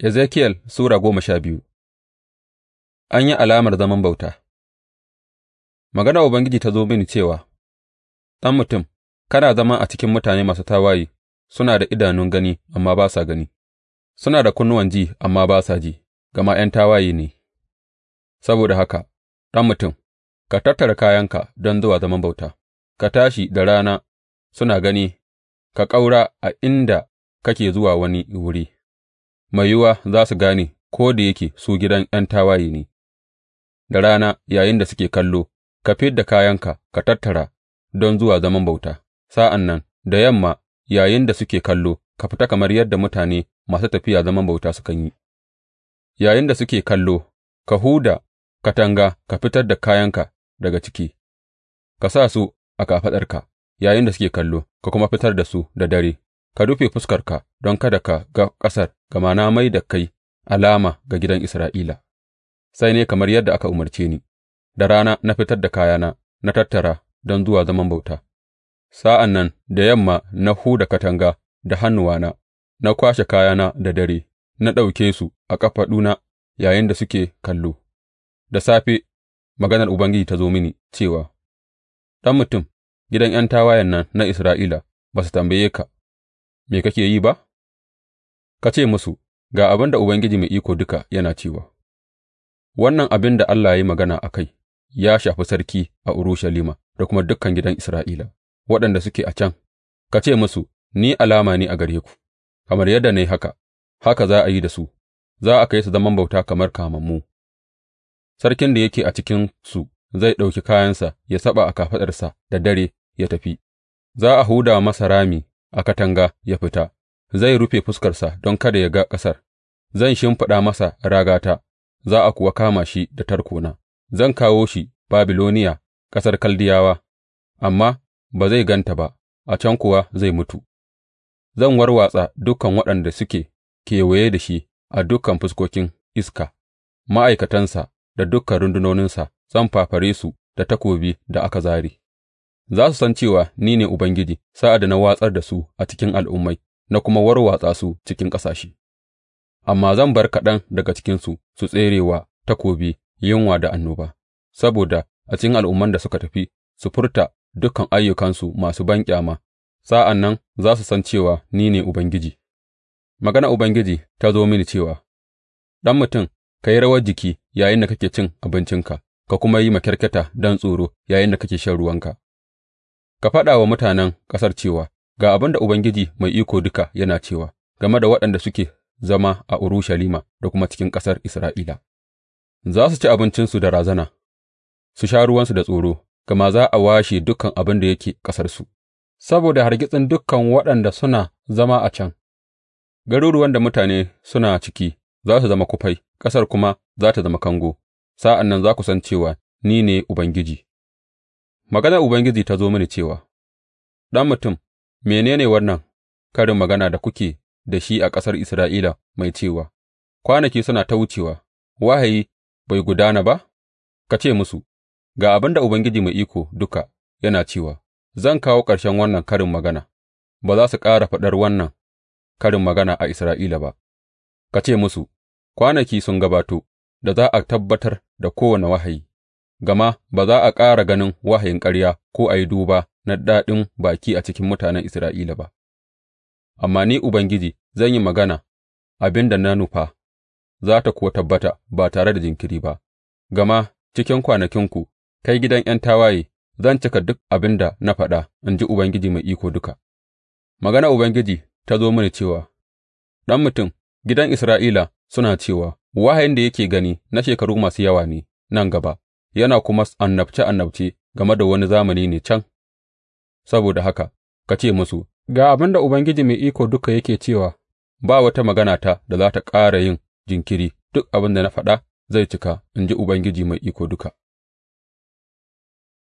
Ezekiel Sura goma sha biyu An yi alamar zaman bauta Magana Ubangiji ta zo mini cewa, Ɗan mutum, kana zama a cikin mutane masu tawaye, suna da idanun gani amma ba sa gani, suna da kunnuwan ji amma ba sa ji, gama ’yan tawaye ne. Saboda haka, ɗan mutum, ka tattara kayanka don zuwa zaman bauta, ka tashi da rana suna gani, ka ƙaura a inda kake zuwa wani wuri. mai yiwuwa za su gane ko da yake su gidan ’yan tawaye ne, da rana yayinda suke kallo, ka fid da kayanka ka tattara don zuwa zaman bauta, sa'an nan da yamma yayinda suke kallo, ka fita kamar yadda mutane masu tafiya zaman bauta sukan yi, yayinda suke kallo, ka huda katanga ka fitar da kayanka daga ciki, ka sa su a kafaɗarka yayinda suke kallo, ka kuma fitar da su da dare. ka rufe fuskarka don kada ka ga ƙasar, gama na mai da kai alama ga gidan Isra'ila, sai ne kamar yadda aka umarce ni, da rana na fitar da kayana na tattara don zuwa zaman bauta, sa'an nan da yamma na huda katanga da hannuwana, na kwashe kayana da dare, na ɗauke su a ƙafaɗuna da suke kallo, da safe maganar Ubangiji ta zo mini cewa, Ɗan mutum, gidan ’yan tawayen nan na Isra'ila ba su tambaye ka. me kake yi ba? Ka ce musu, Ga abin da Ubangiji Mai Iko Duka yana cewa, Wannan abin da Allah ya yi magana a kai ya shafi sarki a Urushalima da kuma dukan gidan Isra'ila, waɗanda suke a can, ka ce musu, Ni alama ne a gare ku, kamar yadda na yi haka, haka za a yi da su, za a kai su zaman bauta kamar kamammu. Sarkin da yake a cikinsu zai ɗauki kayansa ya saɓa a kafaɗarsa da dare ya tafi, za a huda masa rami a katanga ya fita, zai rufe fuskarsa don kada ya ga ƙasar, zan shimfiɗa masa ragata, za a kuwa kama shi da tarkona, zan kawo shi Babiloniya, ƙasar Kaldiyawa, amma ba zai ganta ba, a can kuwa zai mutu. Zan warwatsa dukan waɗanda suke kewaye da shi a dukan fuskokin iska, ma'aikatansa da dukan rundunoninsa zan fafare su da takobi da aka zare za su san cewa ni ne Ubangiji sa'ad da na watsar da su a cikin al'ummai na kuma warwatsa su cikin ƙasashe, amma zan bar kaɗan daga cikinsu su tsere wa takobi, yunwa da annoba, saboda a cikin al'umman da suka tafi su furta dukan ayyukansu masu banƙyama, sa'an nan za su san cewa ni ne Ubangiji. Magana Ubangiji ta zo mini cewa, Ɗan mutum, ka yi rawar jiki da kake cin abincinka, ka kuma yi makyarkyata don tsoro da kake shan ruwanka. Ka faɗa wa mutanen ƙasar cewa, Ga abin da Ubangiji Mai Iko Duka yana cewa game da waɗanda suke zama a Urushalima da kuma cikin ƙasar Isra'ila, za su ci abincinsu da razana, su sha ruwansu da tsoro, gama za a washe dukan abin da yake ƙasarsu, saboda hargitsin dukan waɗanda suna zama a can, garuruwan da mutane suna ciki za su zama kufai, ƙasar kuma za ta zama kango, sa'an nan za ku san cewa ni ne Ubangiji. Maganar Ubangiji ta zo mini cewa, Ɗan mutum, mene ne wannan karin magana da kuke da shi a ƙasar Isra'ila mai cewa, Kwanaki suna ta wucewa, wahayi bai gudana ba? Ka ce musu, Ga abin da Ubangiji Mai Iko Duka yana cewa, Zan kawo ƙarshen wannan karin magana, ba za su ƙara faɗar wannan karin magana a Isra'ila ba. Ka ce musu, Kwanaki sun gabato da za a tabbatar da kowane wahayi. gama ba za a ƙara ganin wahayin ƙarya ko a yi duba na daɗin baki a cikin mutanen Isra'ila ba, amma ni Ubangiji zan yi magana abin da na nufa, za ta kuwa tabbata ba tare da jinkiri ba, gama cikin kwanakinku, kai gidan ’yan tawaye, zan cika duk abin da na faɗa, in ji Ubangiji Mai Iko Duka. Magana Ubangiji ta zo mini cewa, Ɗan mutum, gidan Isra'ila suna cewa, Wahayin da yake gani na shekaru masu yawa ne nan gaba, yana kuma annabce annabce game da wani zamani ne can, saboda haka ka ce musu, Ga abin da Ubangiji Mai Iko Duka yake cewa, ba wata magana ta da za ta ƙara yin jinkiri, duk abin da na faɗa zai cika, in ji Ubangiji Mai Iko Duka.